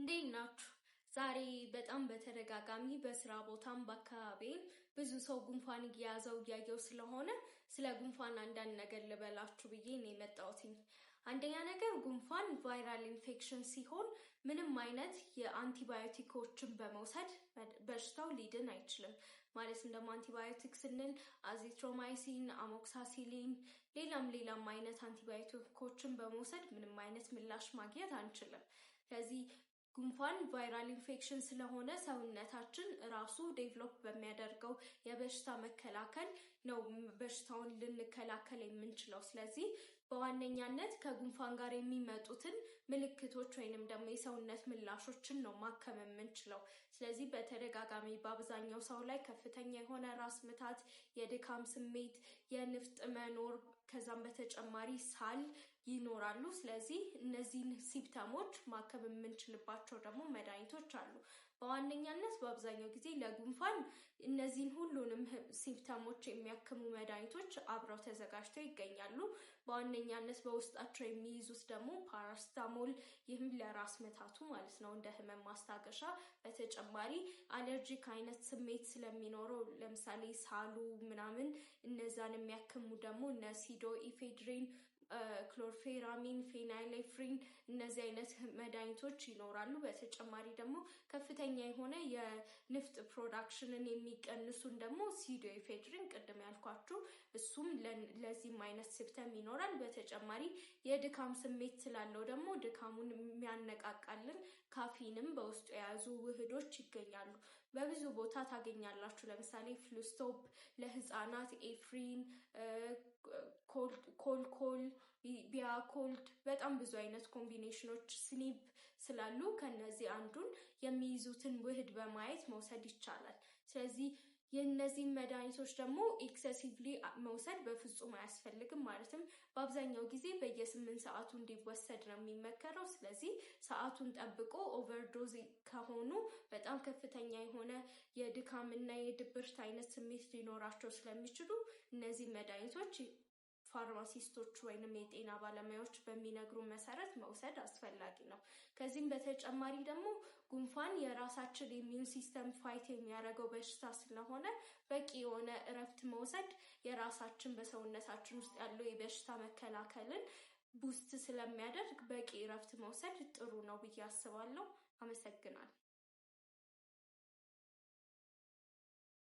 እንዴት ናችሁ? ዛሬ በጣም በተደጋጋሚ በስራ ቦታም በአካባቢም ብዙ ሰው ጉንፋን እየያዘው እያየው ስለሆነ ስለ ጉንፋን አንዳንድ ነገር ልበላችሁ ብዬ ነው የመጣሁትኝ። አንደኛ ነገር ጉንፋን ቫይራል ኢንፌክሽን ሲሆን ምንም አይነት የአንቲባዮቲኮችን በመውሰድ በሽታው ሊድን አይችልም። ማለትም ደግሞ አንቲባዮቲክ ስንል አዚትሮማይሲን፣ አሞክሳሲሊን፣ ሌላም ሌላም አይነት አንቲባዮቲኮችን በመውሰድ ምንም አይነት ምላሽ ማግኘት አንችልም። ስለዚህ ጉንፋን ቫይራል ኢንፌክሽን ስለሆነ ሰውነታችን ራሱ ዴቭሎፕ በሚያደርገው የበሽታ መከላከል ነው በሽታውን ልንከላከል የምንችለው። ስለዚህ በዋነኛነት ከጉንፋን ጋር የሚመጡትን ምልክቶች ወይንም ደግሞ የሰውነት ምላሾችን ነው ማከም የምንችለው። ስለዚህ በተደጋጋሚ በአብዛኛው ሰው ላይ ከፍተኛ የሆነ ራስ ምታት፣ የድካም ስሜት፣ የንፍጥ መኖር ከዛም በተጨማሪ ሳል ይኖራሉ። ስለዚህ እነዚህን ሲምፕተሞች ማከም የምንችልባቸው ደግሞ መድኃኒቶች አሉ። በዋነኛነት በአብዛኛው ጊዜ ለጉንፋን እነዚህን ሁሉንም ሲምፕተሞች የሚያክሙ መድኃኒቶች አብረው ተዘጋጅተው ይገኛሉ። በዋነኛነት በውስጣቸው የሚይዙት ደግሞ ፓራስታሞል፣ ይህም ለራስ ምታቱ ማለት ነው እንደ ህመም ማስታገሻ። በተጨማሪ አለርጂክ አይነት ስሜት ስለሚኖረው ለምሳሌ ሳሉ ምናምን እነዛን የሚያክሙ ደግሞ እነ ሲዶ ኢፌድሪን ክሎርፌራሚን፣ ፌናይሌፍሪን እነዚህ አይነት መድኃኒቶች ይኖራሉ። በተጨማሪ ደግሞ ከፍተኛ የሆነ የንፍጥ ፕሮዳክሽንን የሚቀንሱን ደግሞ ኤፌድሪን ቅድም ያልኳችሁ እሱም ለዚህም አይነት ሲፕተም ይኖራል። በተጨማሪ የድካም ስሜት ስላለው ደግሞ ድካሙን የሚያነቃቃልን ካፊንም በውስጡ የያዙ ውህዶች ይገኛሉ። በብዙ ቦታ ታገኛላችሁ። ለምሳሌ ፍሉስቶፕ ለህፃናት፣ ኤፍሪን፣ ኮልኮል፣ ቢያኮልድ በጣም ብዙ አይነት ኮምቢኔሽኖች ስኒፕ ስላሉ ከነዚህ አንዱን የሚይዙትን ውህድ በማየት መውሰድ ይቻላል። ስለዚህ የእነዚህን መድኃኒቶች ደግሞ ኤክሰሲቭሊ መውሰድ በፍጹም አያስፈልግም። ማለትም በአብዛኛው ጊዜ በየስምንት ሰዓቱ እንዲወሰድ ነው የሚመከረው። ስለዚህ ሰዓቱን ጠብቆ ኦቨርዶዝ ከሆኑ በጣም ከፍተኛ የሆነ የድካምና የድብርት አይነት ስሜት ሊኖራቸው ስለሚችሉ እነዚህ መድኃኒቶች ፋርማሲስቶች ወይንም የጤና ባለሙያዎች በሚነግሩ መሰረት መውሰድ አስፈላጊ ነው። ከዚህም በተጨማሪ ደግሞ ጉንፋን የራሳችን ኢሚዩን ሲስተም ፋይት የሚያደርገው በሽታ ስለሆነ በቂ የሆነ እረፍት መውሰድ የራሳችን በሰውነታችን ውስጥ ያለው የበሽታ መከላከልን ቡስት ስለሚያደርግ በቂ እረፍት መውሰድ ጥሩ ነው ብዬ አስባለሁ። አመሰግናለሁ።